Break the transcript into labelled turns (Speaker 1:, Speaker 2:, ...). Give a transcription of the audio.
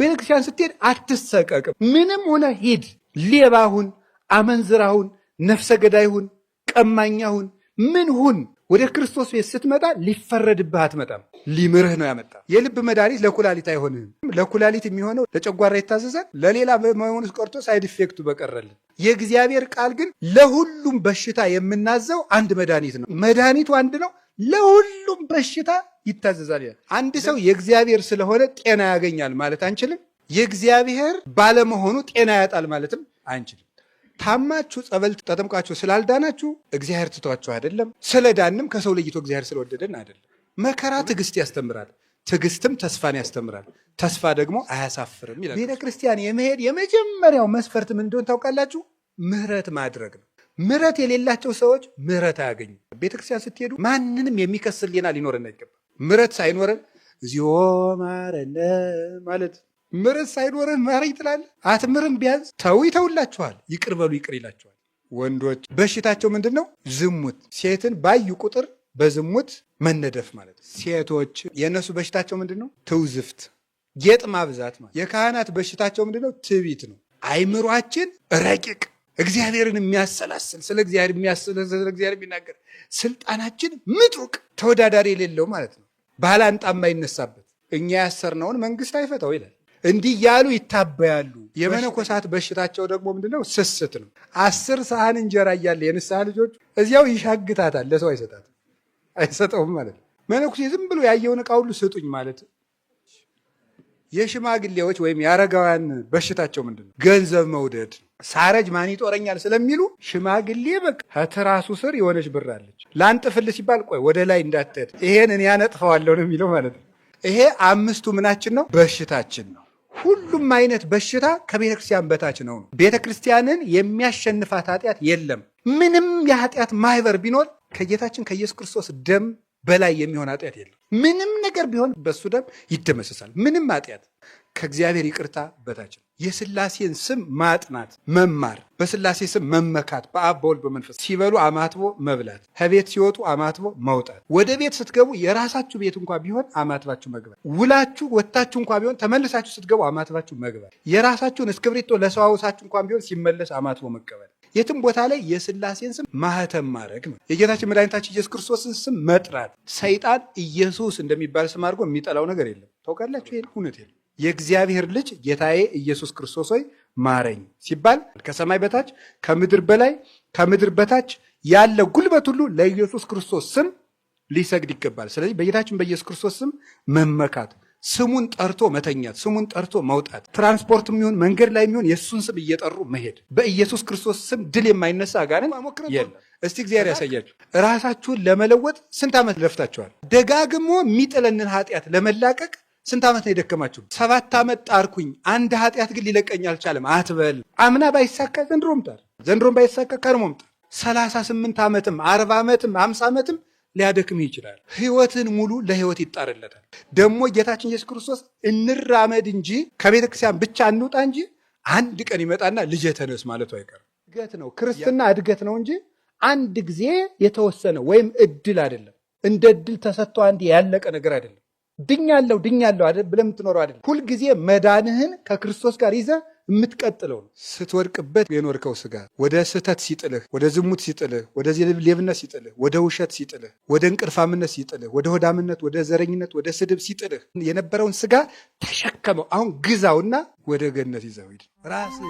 Speaker 1: ቤተክርስቲያን ስትሄድ አትሰቀቅም። ምንም ሆነ ሂድ፣ ሌባሁን፣ አመንዝራሁን፣ ነፍሰ ገዳይሁን፣ ቀማኛሁን ምን ሁን ወደ ክርስቶስ ቤት ስትመጣ ሊፈረድብህ አትመጣም። ሊምርህ ነው ያመጣ። የልብ መድኃኒት ለኩላሊት አይሆንህም። ለኩላሊት የሚሆነው ለጨጓራ ይታዘዛል። ለሌላ በመሆኑስ ቀርቶ ሳይድ ኢፌክቱ በቀረልን። የእግዚአብሔር ቃል ግን ለሁሉም በሽታ የምናዘው አንድ መድኃኒት ነው። መድኃኒቱ አንድ ነው። ለሁሉም በሽታ ይታዘዛል። አንድ ሰው የእግዚአብሔር ስለሆነ ጤና ያገኛል ማለት አንችልም። የእግዚአብሔር ባለመሆኑ ጤና ያጣል ማለትም አንችልም። ታማችሁ ጸበል ተጠምቃችሁ ስላልዳናችሁ እግዚአብሔር ትቷችሁ አይደለም። ስለዳንም ከሰው ለይቶ እግዚአብሔር ስለወደደን አይደለም። መከራ ትዕግስት ያስተምራል፣ ትዕግስትም ተስፋን ያስተምራል፣ ተስፋ ደግሞ አያሳፍርም ይላል። ቤተ ክርስቲያን የመሄድ የመጀመሪያው መስፈርት ምን እንደሆነ ታውቃላችሁ? ምህረት ማድረግ ነው። ምሕረት የሌላቸው ሰዎች ምህረት አያገኙ። ቤተክርስቲያን ስትሄዱ ማንንም የሚከስል ሊኖረን አይገባም። ምረት ሳይኖረን እዚዮ ማረነ ማለት ምረት ሳይኖረን ማረኝ ትላለህ። አትምርም። ቢያንስ ተው ይተውላችኋል፣ ይቅር በሉ ይቅር ይላችኋል። ወንዶች በሽታቸው ምንድን ነው? ዝሙት። ሴትን ባዩ ቁጥር በዝሙት መነደፍ ማለት። ሴቶች የእነሱ በሽታቸው ምንድን ነው? ትውዝፍት፣ ጌጥ ማብዛት ማለት። የካህናት በሽታቸው ምንድን ነው? ትቢት ነው። አይምሯችን ረቂቅ እግዚአብሔርን የሚያሰላስል ስለ እግዚአብሔር የሚያስል ስለ እግዚአብሔር የሚናገር ስልጣናችን ምጡቅ ተወዳዳሪ የሌለው ማለት ነው። ባል አንጣማ ይነሳበት እኛ ያሰርነውን መንግስት አይፈታው ይላል። እንዲህ ያሉ ይታበያሉ። የመነኮሳት በሽታቸው ደግሞ ምንድነው? ስስት ነው። አስር ሰሃን እንጀራ እያለ የንስሐ ልጆች እዚያው ይሻግታታል። ለሰው አይሰጣት አይሰጠውም ማለት ነው። መነኩሴ ዝም ብሎ ያየውን እቃ ሁሉ ስጡኝ ማለት የሽማግሌዎች ወይም የአረጋውያን በሽታቸው ምንድነው? ገንዘብ መውደድ ሳረጅ ማን ይጦረኛል ስለሚሉ ሽማግሌ በቃ ከትራሱ ስር የሆነች ብር አለች። ላንጥፍል ሲባል ቆይ ወደ ላይ እንዳትሄድ ይሄን እኔ ያነጥፈዋለሁ ነው የሚለው ማለት ነው። ይሄ አምስቱ ምናችን ነው? በሽታችን ነው። ሁሉም አይነት በሽታ ከቤተ ክርስቲያን በታች ነው። ቤተ ክርስቲያንን የሚያሸንፋት ኃጢአት የለም። ምንም የኃጢአት ማህበር ቢኖር ከጌታችን ከኢየሱስ ክርስቶስ ደም በላይ የሚሆን ኃጢአት የለም። ምንም ነገር ቢሆን በሱ ደም ይደመሰሳል። ምንም ኃጢአት ከእግዚአብሔር ይቅርታ በታች ነው። የስላሴን ስም ማጥናት መማር፣ በስላሴ ስም መመካት፣ በአብ በወልድ በመንፈስ ሲበሉ አማትቦ መብላት፣ ከቤት ሲወጡ አማትቦ መውጣት፣ ወደ ቤት ስትገቡ የራሳችሁ ቤት እንኳ ቢሆን አማትባችሁ መግባት፣ ውላችሁ ወታችሁ እንኳ ቢሆን ተመልሳችሁ ስትገቡ አማትባችሁ መግባት፣ የራሳችሁን እስክብሪቶ ለሰዋውሳችሁ እንኳ ቢሆን ሲመለስ አማትቦ መቀበል የትም ቦታ ላይ የስላሴን ስም ማህተም ማድረግ ነው። የጌታችን መድኃኒታችን ኢየሱስ ክርስቶስን ስም መጥራት። ሰይጣን ኢየሱስ እንደሚባል ስም አድርጎ የሚጠላው ነገር የለም። ታውቃላችሁ፣ ይህን እውነት የለም። የእግዚአብሔር ልጅ ጌታዬ ኢየሱስ ክርስቶስ ሆይ ማረኝ ሲባል ከሰማይ በታች ከምድር በላይ ከምድር በታች ያለ ጉልበት ሁሉ ለኢየሱስ ክርስቶስ ስም ሊሰግድ ይገባል። ስለዚህ በጌታችን በኢየሱስ ክርስቶስ ስም መመካት፣ ስሙን ጠርቶ መተኛት፣ ስሙን ጠርቶ መውጣት፣ ትራንስፖርት የሚሆን መንገድ ላይ የሚሆን የእሱን ስም እየጠሩ መሄድ። በኢየሱስ ክርስቶስ ስም ድል የማይነሳ ጋር የለም። እስቲ እግዚአብሔር ያሳያችሁ። ራሳችሁን ለመለወጥ ስንት ዓመት ለፍታችኋል? ደጋግሞ የሚጥለንን ኃጢአት ለመላቀቅ ስንት ዓመት ነው የደከማችሁ? ሰባት ዓመት ጣርኩኝ፣ አንድ ኃጢአት ግን ሊለቀኝ አልቻለም አትበል። አምና ባይሳካ ዘንድሮም ጣር፣ ዘንድሮም ባይሳካ ከርሞም ጣር። ሰላሳ ስምንት ዓመትም አርባ ዓመትም አምሳ ዓመትም ሊያደክምህ ይችላል። ህይወትን ሙሉ ለህይወት ይጣርለታል። ደግሞ ጌታችን ኢየሱስ ክርስቶስ እንራመድ እንጂ ከቤተ ክርስቲያን ብቻ እንውጣ እንጂ አንድ ቀን ይመጣና ልጄ ተነስ ማለቱ አይቀርም። እድገት ነው ክርስትና፣ እድገት ነው እንጂ አንድ ጊዜ የተወሰነ ወይም እድል አይደለም። እንደ እድል ተሰጥቶ አንድ ያለቀ ነገር አይደለም። ድኛ ለው አይደል ብለህ የምትኖረው አይደል። ሁልጊዜ መዳንህን ከክርስቶስ ጋር ይዘህ የምትቀጥለው ነው። ስትወድቅበት የኖርከው ስጋ ወደ ስህተት ሲጥልህ፣ ወደ ዝሙት ሲጥልህ፣ ወደ ሌብነት ሲጥልህ፣ ወደ ውሸት ሲጥልህ፣ ወደ እንቅልፋምነት ሲጥልህ፣ ወደ ሆዳምነት፣ ወደ ዘረኝነት፣ ወደ ስድብ ሲጥልህ የነበረውን ስጋ ተሸከመው። አሁን ግዛውና ወደ ገነት ይዘው ሂድ ራስህ